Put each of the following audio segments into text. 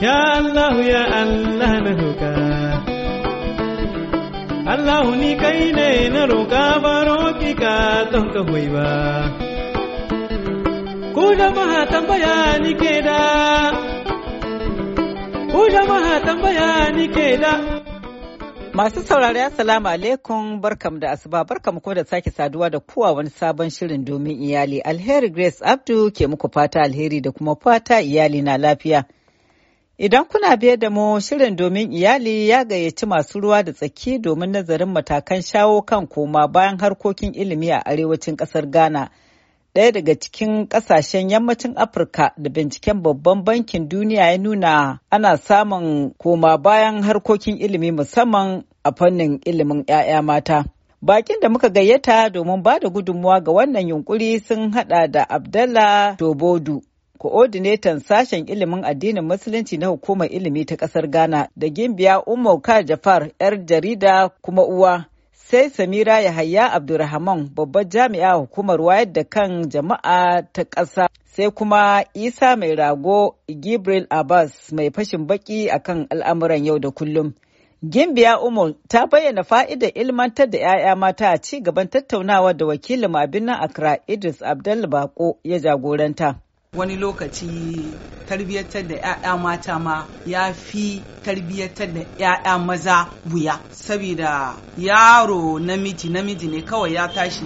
Ya Allah ya Allah na roƙa Allah ni kai ne na roƙa baro ki ka don ka hoyi ba Ku jama'a tambaya ni ke da Ku jama'a tambaya ni ke da Masu saurari Assalamu alaikum barkam da asuba barkam ko da sake saduwa da kuwa wani sabon shirin domin iyali alheri Grace Abdu ke muku fata alheri da kuma fata iyali na lafiya. Idan kuna biye da mu shirin domin iyali ya gayyaci masu ruwa da tsaki domin nazarin matakan shawo kan koma bayan harkokin ilimi a arewacin ƙasar Ghana. Ɗaya daga cikin ƙasashen yammacin Afirka da binciken babban bankin duniya ya nuna ana samun koma bayan harkokin ilimi musamman a fannin ilimin 'ya'ya mata. Bakin da muka gayyata domin ba da gudunmuwa ga wannan yunkuri sun haɗa da Abdallah Tobodu. ko'odinetan sashen ilimin addinin musulunci na hukumar ilimi ta ƙasar ghana da gimbiya umar ka jafar yar jarida kuma uwa sai samira yahaya abdulrahman babbar jami'a hukumar wayar da kan jama'a ta ƙasa sai kuma isa mai rago gibril abbas mai fashin baki akan al'amuran yau da kullum gimbiya umar ta bayyana fa'idar ilmantar da 'ya'ya mata a ci gaban tattaunawa da wakilin abin nan accra idris abdul bako ya jagoranta wani lokaci tarbiyyatar da 'ya'ya mata ma ya fi tarbiyyatar da 'ya'ya maza wuya Sabida yaro namiji namiji ne kawai ya tashi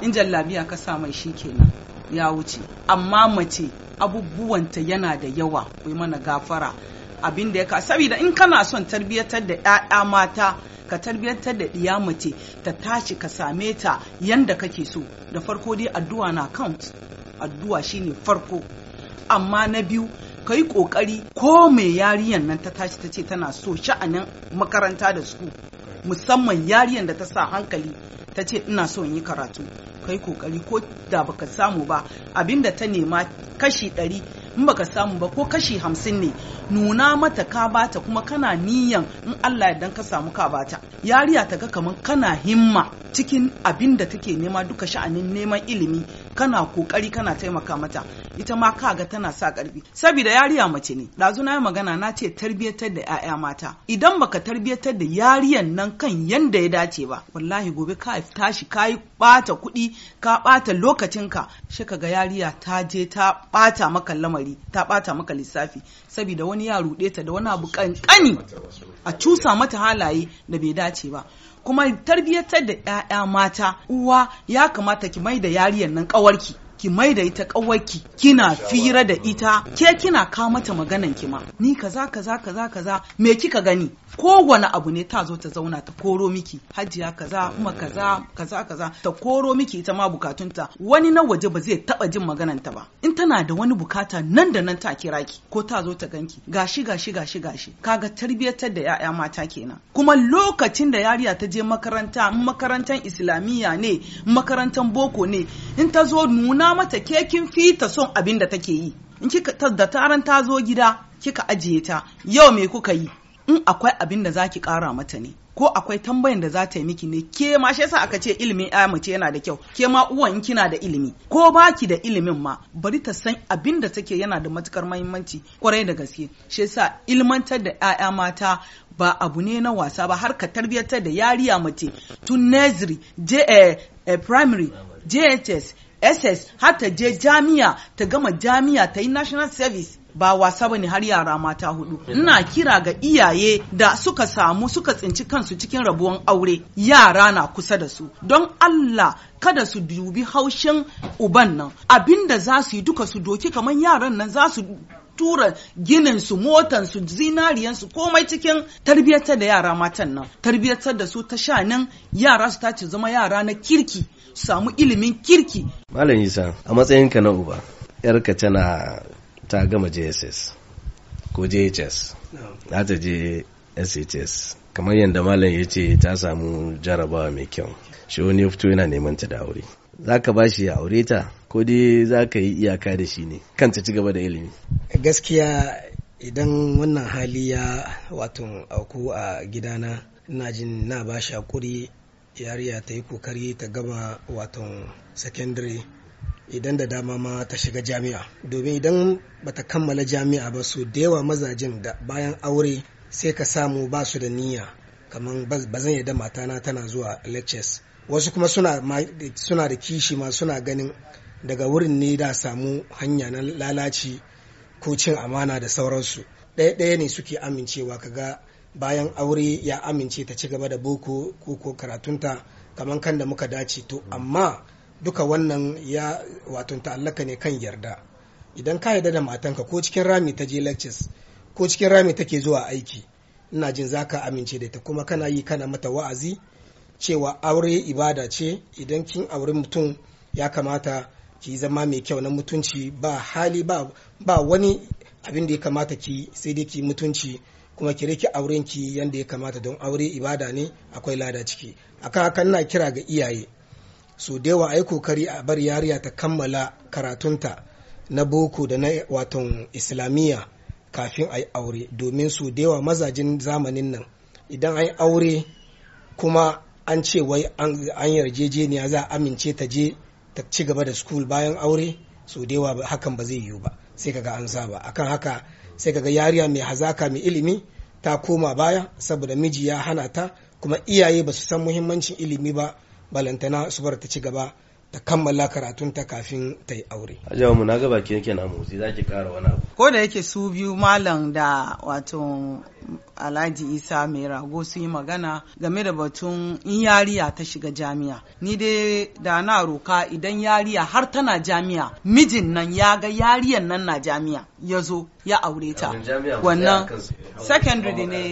in jallabiya ka sa mai shi kenan ya wuce amma mace abubuwanta yana da yawa wai mana gafara abin da ya ka saboda in kana son tarbiyyatar da 'ya'ya mata ka tarbiyyantar da ɗiya mace ta tashi ka same ta yanda kake so da farko dai addu'a na count addu'a shine farko amma na biyu ka yi ƙoƙari ko mai yariyan nan ta tashi ta ce tana so sha'anin makaranta da su musamman yariyan da ta sa hankali ta ce ina so in yi karatu ka yi ƙoƙari ko da baka samu ba abinda ta nema kashi ɗari in baka samu ba ko kashi hamsin ne nuna mata ka bata kuma kana niyan in Allah ya dan ka samu ka bata yariya ta ga kamar kana himma cikin abin da take nema duka sha'anin neman ilimi kana kokari kana taimaka mata ita ma kaga tana sa karfi saboda yariya mace ne dazu na yi magana na ce tarbiyatar da 'ya'ya mata idan baka tarbiyatar da yariyan nan kan yanda ya dace ba wallahi gobe ka tashi ka yi bata kuɗi ka bata lokacinka shi ga yariya ta je ta bata maka lamari ta bata maka lissafi saboda wani ya ruɗe ta da wani abu kankani a cusa mata halaye da bai dace ba kuma tarbiyyatar da 'ya'ya mata uwa ya kamata ki mai da yariyar nan kawarki ki mai da ita kawaki kina fira da ita ke kina ka mata maganan ki ma ni kaza kaza kaza kaza me kika gani kowane abu ne ta zo ta zauna ta koro miki hajiya kaza kuma kaza kaza kaza ta koro miki ita ma bukatunta wani na waje ba zai taba jin maganan ta ba in tana da wani bukata nan da nan ta kira ki ko ta zo ta ganki gashi gashi gashi gashi kaga tarbiyatar da yaya mata kenan kuma lokacin da yariya ta je makaranta makarantar islamiyya ne makarantar boko ne in ta zo nuna nuna mata ke kin fi ta son abin da take yi in kika da taran ta zo gida kika ajiye ta yau me kuka yi in akwai abin da zaki kara mata ne ko akwai tambayan da za ta yi miki ne ke ma shi yasa aka ce ilimin ya mace yana da kyau ke ma uwan in kina da ilimi ko baki da ilimin ma bari ta san abin da take yana da matukar muhimmanci kwarai da gaske shi yasa ilmantar da 'ya'ya mata ba abu ne na wasa ba har ka tarbiyyatar da yariya mace tun nursery je eh, eh, primary jhs ss har ta je jami'a ta gama jami'a ta yi national service ba wasa bane har yara mata hudu ina kira ga iyaye da suka samu suka tsinci kansu cikin rabuwan aure yara na kusa da su don Allah kada su dubi haushin uban nan abinda za su yi duka su doki kamar yaran nan za su tura ginin su motan su zinariyan su komai cikin tarbiyyatar da yara matan nan tarbiyyatar da su ta shanin yara su tace zama yara na kirki samu ilimin kirki malam isa a matsayin ka na uba yarka tana ta gama jss ko jhs za ta je shs kamar yadda malam ya ce ta samu jarabawa mai kyau shi wani ya fito yana neman ta da aure za ka ba shi ya aure ta ko dai za ka yi iyaka da shi ne kanta ci gaba da ilimi gaskiya idan wannan hali ya wato auku a gidana na jin na ba shi hakuri yariya ta yi kokari ta gama wato secondary idan da dama ma ta shiga jami'a domin idan bata kammala jami'a ba su da yawa mazajen da bayan aure sai ka samu ba su da niyya kamar ba zan yadda matana tana zuwa lectures wasu kuma suna da kishi ma suna ganin daga wurin ne da samu hanya na lalaci ko cin amana da sauransu ɗaya ɗaya ne suke amincewa kaga bayan aure ya amince ta ci gaba da boko ko karatunta kamar kan da muka dace to mm. amma duka wannan ya wato ta'allaka ne kan yarda idan ka yarda da matanka ko cikin rami ta je lectures ko cikin rami take zuwa aiki ina jin za ka amince da ita kuma kana yi kana mata wa'azi cewa aure ibada ce idan kin auri mutum ya kamata ki zama mai kyau na mutunci ba hali ba ba wani abin da ya kamata ki sai dai ki mutunci kuma ki riki auren ki yanda ya kamata don aure ibada ne akwai lada ciki akan hakan na kira ga iyaye so da yawa ai kokari a bar yariya ta kammala karatunta na boko da na waton islamiyya kafin a aure domin su da yawa mazajin zamanin nan idan an aure kuma an ce wai an yarjejeniya za a amince ta je ta ci gaba da school bayan aure so da yawa hakan ba zai yiwu ba sai kaga an saba akan haka sai kaga yariya mai hazaka mai ilimi ta koma baya saboda miji ya hana ta kuma iyaye ba su san muhimmancin ilimi ba balantana su bar ta ci gaba ta kammala karatun ta kafin ta yi aure. Ajawa mu na gaba yake na motsi za ki kara wani abu. Ko da yake su biyu malam da wato Alhaji Isa mai rago su yi magana game da batun in yariya ta shiga jami'a. Ni dai da na roka idan yariya har tana jami'a mijin nan ya ga yariyan nan na jami'a ya zo ya aure ta wannan secondary ne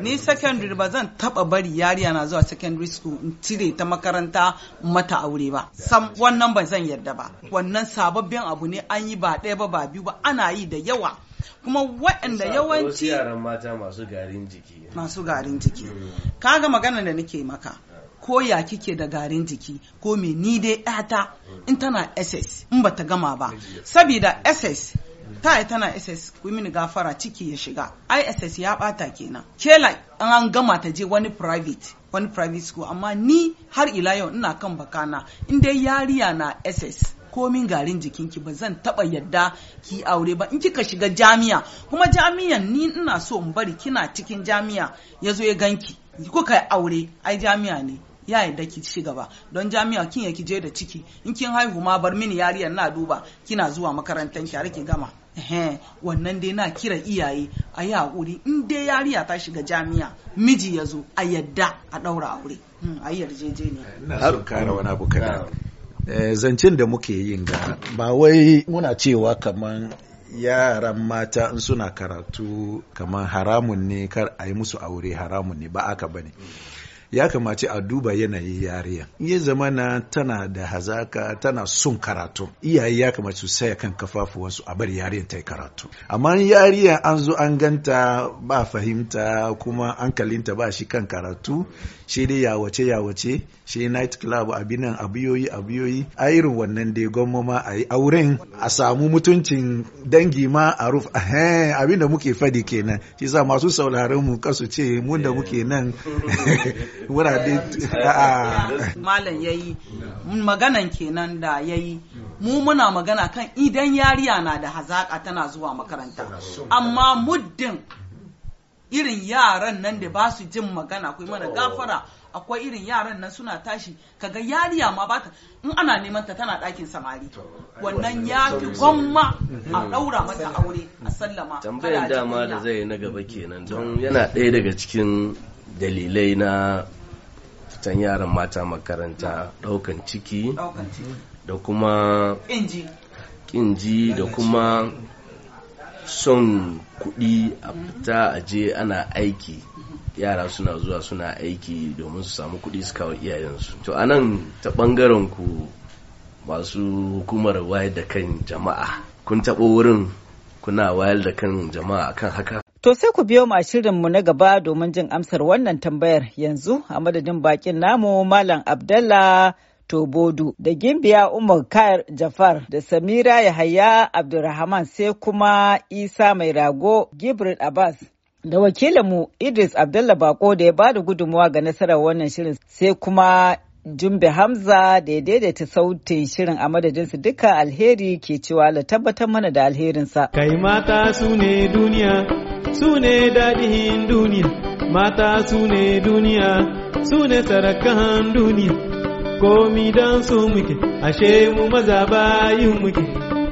ni secondary ba zan taba bari yariya na zuwa secondary school in cire ta makaranta mata aure ba sam wannan ba zan yarda ba wannan sababbin abu ne an yi ba ɗaya ba ba biyu ba ana yi da yawa kuma waɗanda yawanci yaran mata masu garin jiki masu garin jiki hmm. kaga magana da nake maka ko ya kike da garin jiki ko me ni dai 'yata hmm. in tana ss in bata gama ba sabida ss ta tana ss women gafara ciki ya shiga iss ya bata kenan kela an gama ta je wani private wani private school amma ni har ila yau ina kan bakana in dai yariya na ss komin garin jikinki ba zan taba yadda ki aure ba in kika shiga jami'a kuma jami'an ni ina so in bari kina cikin jami'a ya zo ya ganki kuka aure ai jami'a ne ya yadda ki ci gaba don jami'a kin ya kije da ciki in kin haihu ma bar mini yariyar na duba kina zuwa makarantar ki har ki gama wannan dai na kira iyaye a yi hakuri in dai yariya ta shiga jami'a miji ya zo a yadda a ɗaura aure hmm, a yi yarjejeniya har kare wani abu kada eh, zancen da muke yin ga ba wai muna cewa kaman yaran mata in suna karatu kaman haramun ne kar a yi musu aure haramun ne ba aka bane ya kamace a duba yanayin yariya ya zama na tana da hazaka tana son karatu iyaye ya kamace su saya kan kafafuwansu a bar yariyan ta yi karatu amma yariya an zo an ganta ba fahimta kuma an kalinta ba shi kan karatu shi dai yawace yawace shi night club abinan abiyoyi abiyoyi a irin wannan dai gwamma ma a yi auren a samu mutuncin dangi ma a ruf abin da muke fadi kenan shi sa masu sauraron mu kasu ce mun da muke nan wurare a ah. malam yayi maganan kenan da yayi mu muna magana kan idan yariya na da hazaƙa tana zuwa makaranta amma muddin irin yaran nan da ba su jin magana akwai mana gafara akwai irin yaran nan suna tashi kaga yariya ma bata in ana neman ta tana ɗakin samari wannan ya fi gwamma a ɗaura mata aure a sallama tambayar dama da zai na gaba kenan don yana ɗaya daga cikin dalilai na fitan yaran mata makaranta daukan ciki da kuma ƙinji da kuma son kuɗi a fita a ana aiki yara suna zuwa suna aiki domin su samu kuɗi su kawo iyayensu to anan ta ɓangaren ku masu hukumar wayar da kan jama'a kun taɓo wurin kuna wayar da kan jama'a akan haka To sai ku biyo ma a shirinmu na gaba domin jin amsar wannan tambayar yanzu a madadin bakin namu Malam Abdallah Tobodu da Gimbiya Umar Kayar Jafar da Samira Yahaya Abdulrahman sai kuma Isa Mai Rago Gibril Abbas. Da wakilinmu Idris Abdullah Bako da ya bada gudunmuwa ga nasarar wannan shirin sai kuma Jumbe Hamza da ya daidaita sautin shirin a madadinsu duka alheri ke cewa la tabbatar mana da alherinsa. Kai mata su ne duniya, su ne daɗin duniya, mata su ne duniya, su ne sarakan duniya, komi don su muke, ashe mu maza bayu muke.